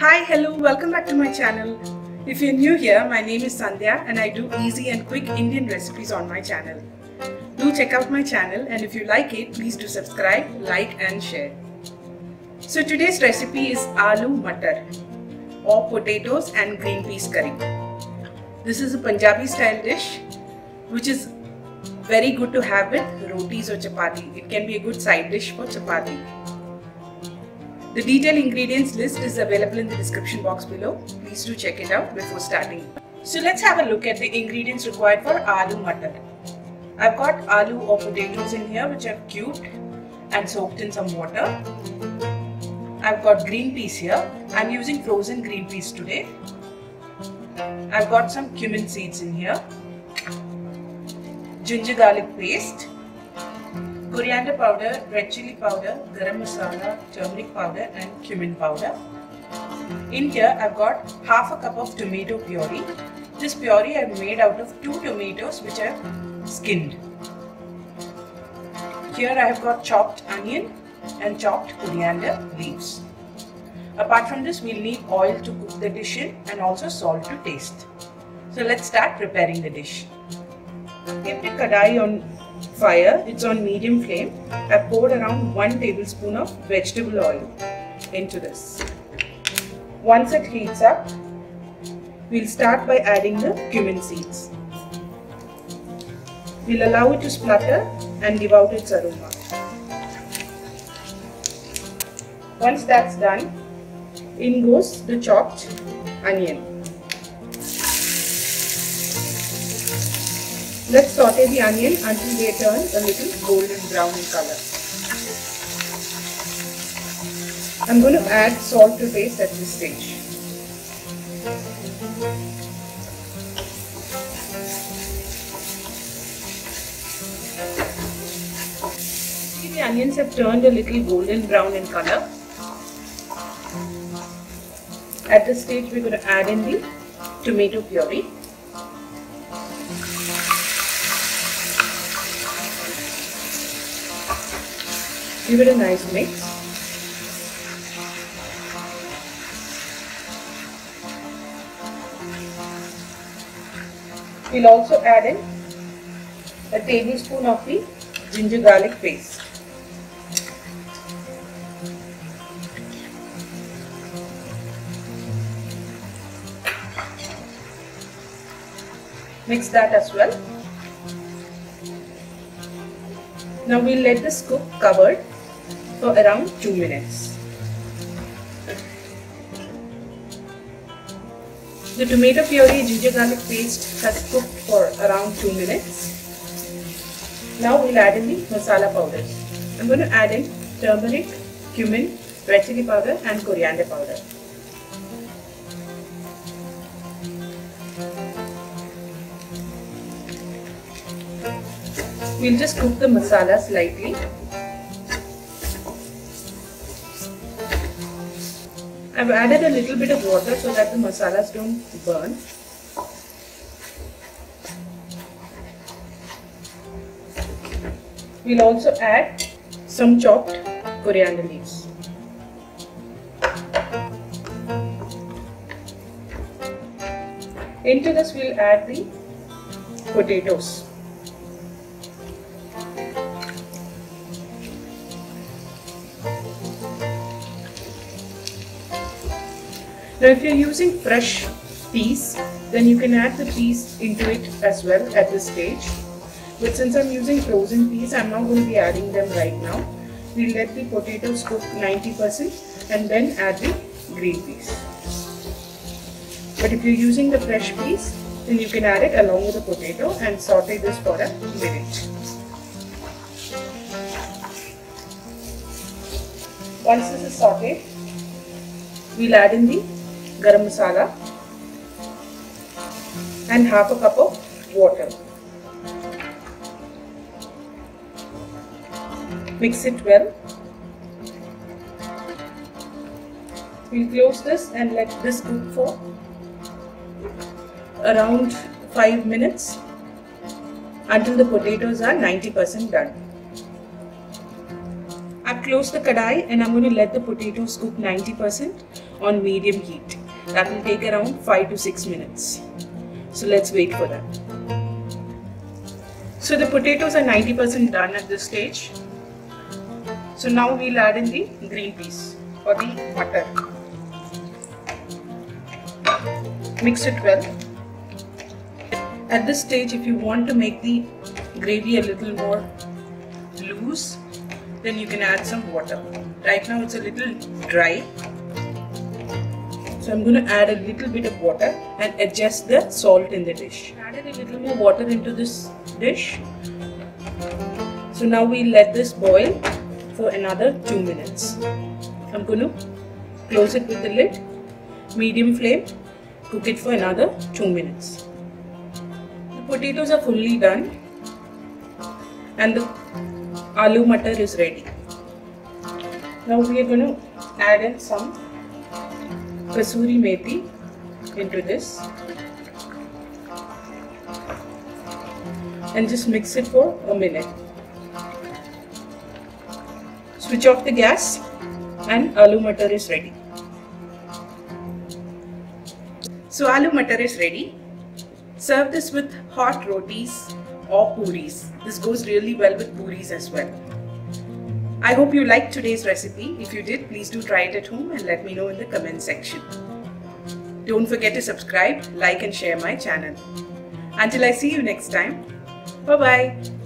Hi, hello, welcome back to my channel. If you're new here, my name is Sandhya and I do easy and quick Indian recipes on my channel. Do check out my channel and if you like it, please do subscribe, like and share. So today's recipe is aloo matar or potatoes and green peas curry. This is a Punjabi style dish which is very good to have with rotis or chapati. It can be a good side dish for chapati. The detailed ingredients list is available in the description box below. Please do check it out before starting. So let's have a look at the ingredients required for aloo mutton. I've got aloo or potatoes in here which I've cubed and soaked in some water. I've got green peas here. I'm using frozen green peas today. I've got some cumin seeds in here. Ginger garlic paste coriander powder, red chili powder, garam masala, turmeric powder and cumin powder. In here I've got half a cup of tomato puree. This puree I've made out of two tomatoes which I've skinned. Here I have got chopped onion and chopped coriander leaves. Apart from this we'll need oil to cook the dish in and also salt to taste. So let's start preparing the dish. Keep the kadai on fire, it's on medium flame. I poured around 1 tablespoon of vegetable oil into this. Once it heats up, we'll start by adding the cumin seeds. We'll allow it to splutter and give out its aroma. Once that's done, in goes the chopped onion. Let's saute the onion until they turn a little golden brown in color. I'm going to add salt to taste at this stage. See the onions have turned a little golden brown in color. At this stage we're going to add in the tomato puree. Give it a nice mix. We'll also add in a tablespoon of the ginger garlic paste. Mix that as well. Now we'll let this cook covered for around 2 minutes. The tomato puree ginger garlic paste has cooked for around 2 minutes. Now we'll add in the masala powder. I'm going to add in turmeric, cumin, red chili powder and coriander powder. We'll just cook the masala slightly I've added a little bit of water so that the masalas don't burn. We'll also add some chopped coriander leaves. Into this we'll add the potatoes. Now if you're using fresh peas, then you can add the peas into it as well at this stage. But since I'm using frozen peas, I'm not going to be adding them right now. We'll let the potatoes cook 90% and then add the green peas. But if you're using the fresh peas, then you can add it along with the potato and saute this for a minute. Once this is sauteed, we'll add in the garam masala and half a cup of water. Mix it well. We'll close this and let this cook for around 5 minutes until the potatoes are 90% done. I've closed the kadai and I'm going to let the potatoes cook 90% on medium heat. That will take around 5 to 6 minutes. So let's wait for that. So the potatoes are 90% done at this stage. So now we'll add in the green peas or the butter. Mix it well. At this stage, if you want to make the gravy a little more loose, then you can add some water. Right now it's a little dry, so I'm going to add a little bit of water and adjust the salt in the dish. Added a little more water into this dish. So now we let this boil for another 2 minutes. I'm going to close it with the lid, medium flame, cook it for another 2 minutes. The potatoes are fully done and the aloo matar is ready. Now we are going to add in some kasuri methi into this and just mix it for a minute. Switch off the gas and aloo matar is ready. So aloo matar is ready. Serve this with hot rotis or puris. This goes really well with puris as well. I hope you liked today's recipe. If you did, please do try it at home and let me know in the comment section. Don't forget to subscribe, like and share my channel. Until I see you next time, bye bye.